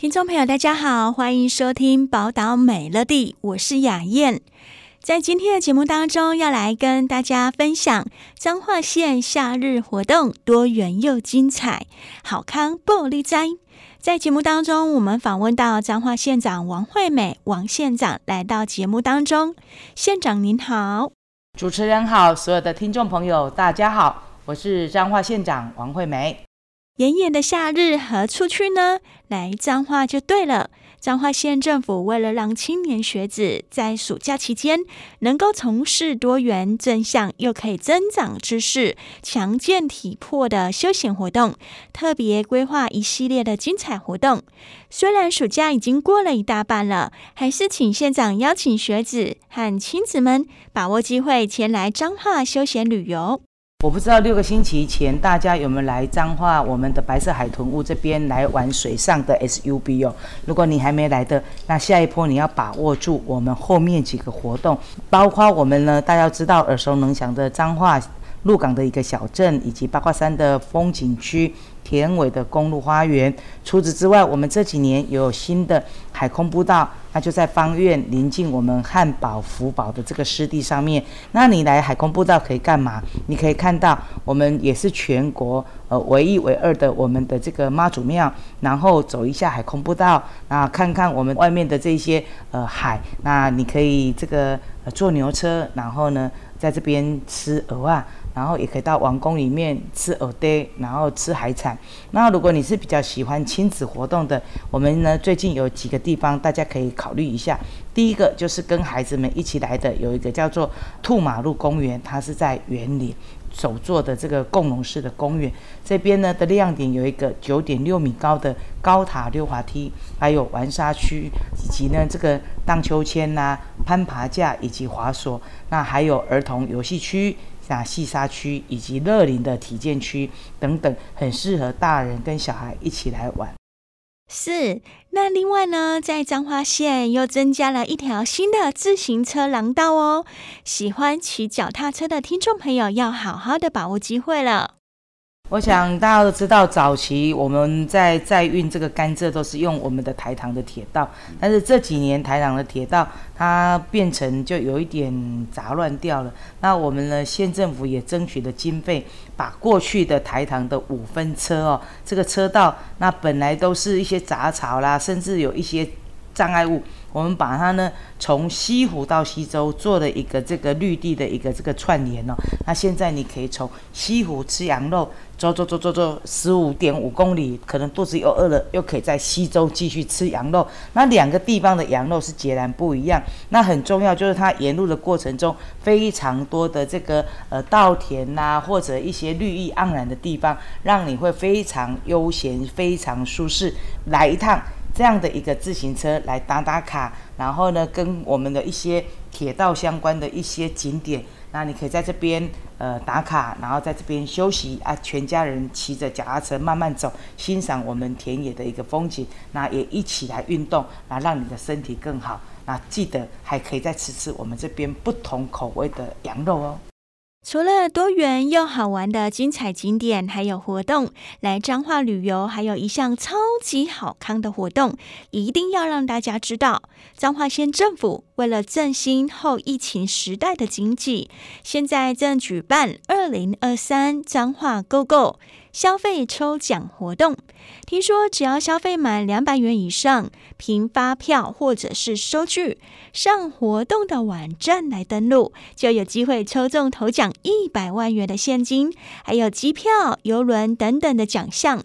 聽眾朋友，大家好，歡迎收聽寶島美樂地，我是雅燕。在今天的節目當中，要來跟大家分享彰化縣夏日活動多元又精彩，好康報你知。在節目當中，我們訪問到彰化縣長王惠美，王縣長來到節目當中，縣長您好，主持人好，所有的聽眾朋友大家好，我是彰化縣長王惠美。炎炎的夏日何處去呢？來彰化就對了。彰化縣政府為了讓青年學子在暑假期間能夠從事多元、正向又可以增長知識、強健體魄的休閒活動，特別規劃一系列的精彩活動。雖然暑假已經過了一大半了，還是請縣長邀請學子和親子們把握機會前來彰化休閒旅遊。我不知道六個星期前大家有沒有來彰化我們的白色海豚屋這邊來玩水上的 SUB 哦。如果你還沒來的，那下一波你要把握住我們後面幾個活動，包括我們呢，大家知道耳熟能詳的彰化。鹿港的一個小鎮，以及八卦山的風景區、田尾的公路花園。除此之外，我們這幾年有新的海空步道，那就在芳苑臨近我們漢寶福寶的這個濕地上面。那你來海空步道可以幹嘛？你可以看到我們也是全國呃唯一唯二的我們的這個媽祖廟，然後走一下海空步道啊，看看我們外面的這些呃海。那你可以這個、呃、坐牛車，然後呢，在這邊吃蚵啊，然後也可以到王功裡面吃蚵嗲，然後吃海產。那如果你是比較喜歡親子活動的，我們呢最近有幾個地方大家可以考慮一下。第一個就是跟孩子們一起來的，有一個叫做兔馬鹿公園，它是在員林首座的這個共融式的公園。這邊呢的亮點有一個九點六米高的高塔溜滑梯，還有玩沙區，以及呢這個盪秋千吶。攀爬架以及滑索，那還有兒童遊戲區，像戲沙區以及樂齡的體健區等等，很適合大人跟小孩一起來玩。是，那另外呢，在彰化縣又增加了一條新的自行車廊道哦，喜歡騎腳踏車的聽眾朋友要好好的把握機會了。我想大家都知道，早期我們在在運這個甘蔗都是用我們的台糖的鐵道，但是這幾年台糖的鐵道它變成就有一點雜亂掉了。那我們呢，縣政府也爭取了經費，把過去的台糖的五分車哦，這個車道那本來都是一些雜草啦，甚至有一些障礙物，我們把它呢從溪湖到溪州做了一個這個綠地的一個這個串聯哦。那現在你可以從溪湖吃羊肉。走走走走走，十五點五公里，可能肚子又餓了，又可以在溪州繼續吃羊肉。那兩個地方的羊肉是截然不一樣。那很重要就是它沿路的過程中，非常多的這個呃稻田吶、啊，或者一些綠意盎然的地方，讓你會非常悠閒，非常舒適。來一趟這樣的一個自行車來打打卡，然後呢，跟我們的一些鐵道相關的一些景點。那你可以在這邊呃打卡，然後在這邊休息啊，全家人騎着腳踏車慢慢走，欣賞我們田野的一個風景，那也一起來運動，那讓你的身體更好。那記得還可以再吃吃我們這邊不同口味的羊肉哦。除了多元又好玩的精彩景點，還有活動，來彰化旅遊，還有一項超級好康的活動，一定要讓大家知道。彰化縣政府為了振興後疫情時代的經濟，現在正舉辦2023彰化 GO GO。消費抽獎活動，聽說只要消費滿兩百元以上，憑發票或者是收據，上活動的網站來登錄，就有機會抽中頭獎一百萬元的現金，還有機票、郵輪等等的獎項。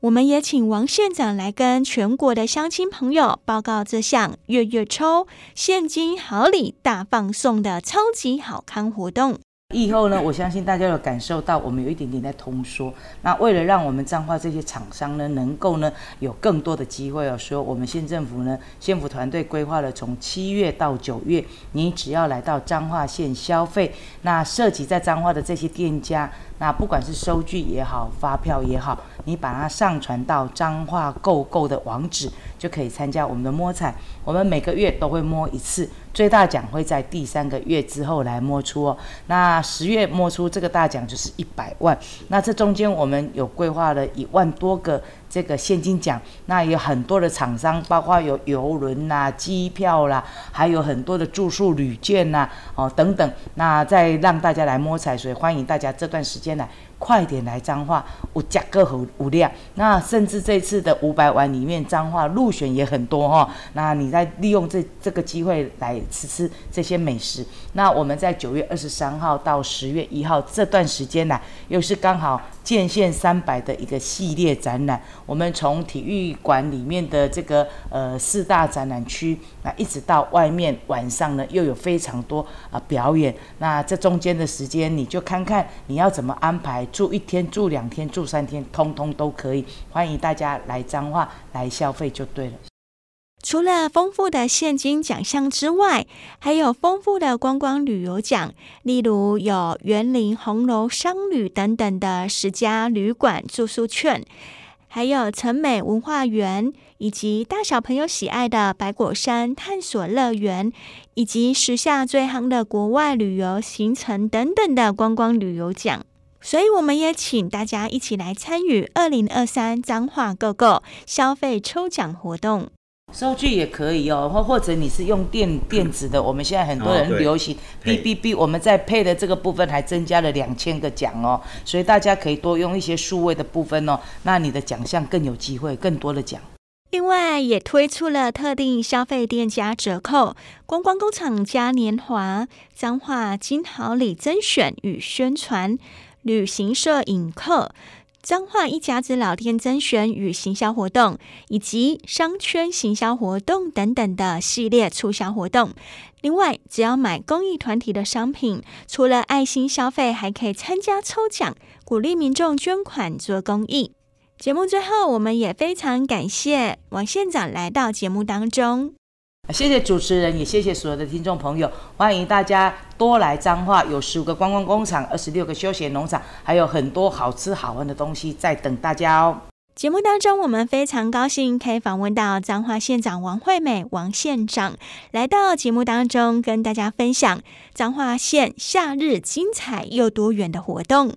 我們也請王縣長來跟全國的鄉親朋友報告這項月月抽現金好禮大放送的超級好康活動。疫後呢，我相信大家有感受到，我們有一點點在通縮。那為了讓我們彰化這些廠商呢，能夠呢有更多的機會哦，說我們縣政府呢，縣府團隊規劃了從七月到九月，你只要來到彰化縣消費，那涉及在彰化的這些店家。那不管是收據也好，發票也好，你把它上傳到彰化 GO 購的網址，就可以參加我們的摸彩。我們每個月都會摸一次，最大獎會在第三個月之後來摸出哦。那十月摸出這個大獎就是一百萬。那這中間我們有規劃了一萬多個。這個現金獎，那有很多的廠商，包括有郵輪啦、啊、機票啦、啊，還有很多的住宿旅券啦、啊，哦等等，那再讓大家來摸彩，所以歡迎大家這段時間來。快點來彰化，我價格很無量，那甚至這次的五百碗裡面，彰化入選也很多哈、哦。那你再利用這這個機會來吃吃這些美食。那我們在九月二十三號到十月一號這段時間呢、啊，又是剛好建縣三百的一個系列展覽。我們從體育館裡面的這個呃四大展覽區，那一直到外面晚上呢，又有非常多啊、呃、表演。那這中間的時間，你就看看你要怎麼安排。住一天，住兩天，住三天，通通都可以，歡迎大家來彰化來消費就對了。除了豐富的現金獎項之外，還有豐富的觀光旅遊獎，例如有員林紅樓商旅等等的十家旅館住宿券，還有成美文化園，以及大小朋友喜愛的百果山探索樂園，以及時下最夯的國外旅遊行程等等的觀光旅遊獎。所以我們也請大家一起來參與二零二三彰化 GO 購消費抽獎活動。收據也可以哦，或或者你是用電電子的，我們現在很多人流行 B B B，我們在配的這個部分還增加了兩千個獎哦，所以大家可以多用一些數位的部分哦，那你的獎項更有機會，更多的獎。另外也推出了特定消費店家折扣、觀光工廠嘉年華、彰化金好禮甄選與宣傳。旅行社引客、彰化一甲子老店甄選與行銷活動，以及商圈行銷活動等等的系列促銷活動。另外，只要買公益團體的商品，除了愛心消費，還可以參加抽獎，鼓勵民眾捐款做公益。節目最後，我們也非常感謝王縣長來到節目當中。謝謝主持人，也謝謝所有的聽眾朋友。歡迎大家多來彰化，有十五個觀光工廠，二十六個休閒農場，還有很多好吃好玩的東西在等大家哦。節目當中，我們非常高興可以訪問到彰化縣長王惠美，王縣長，來到節目當中跟大家分享彰化縣夏日精彩又多元的活動。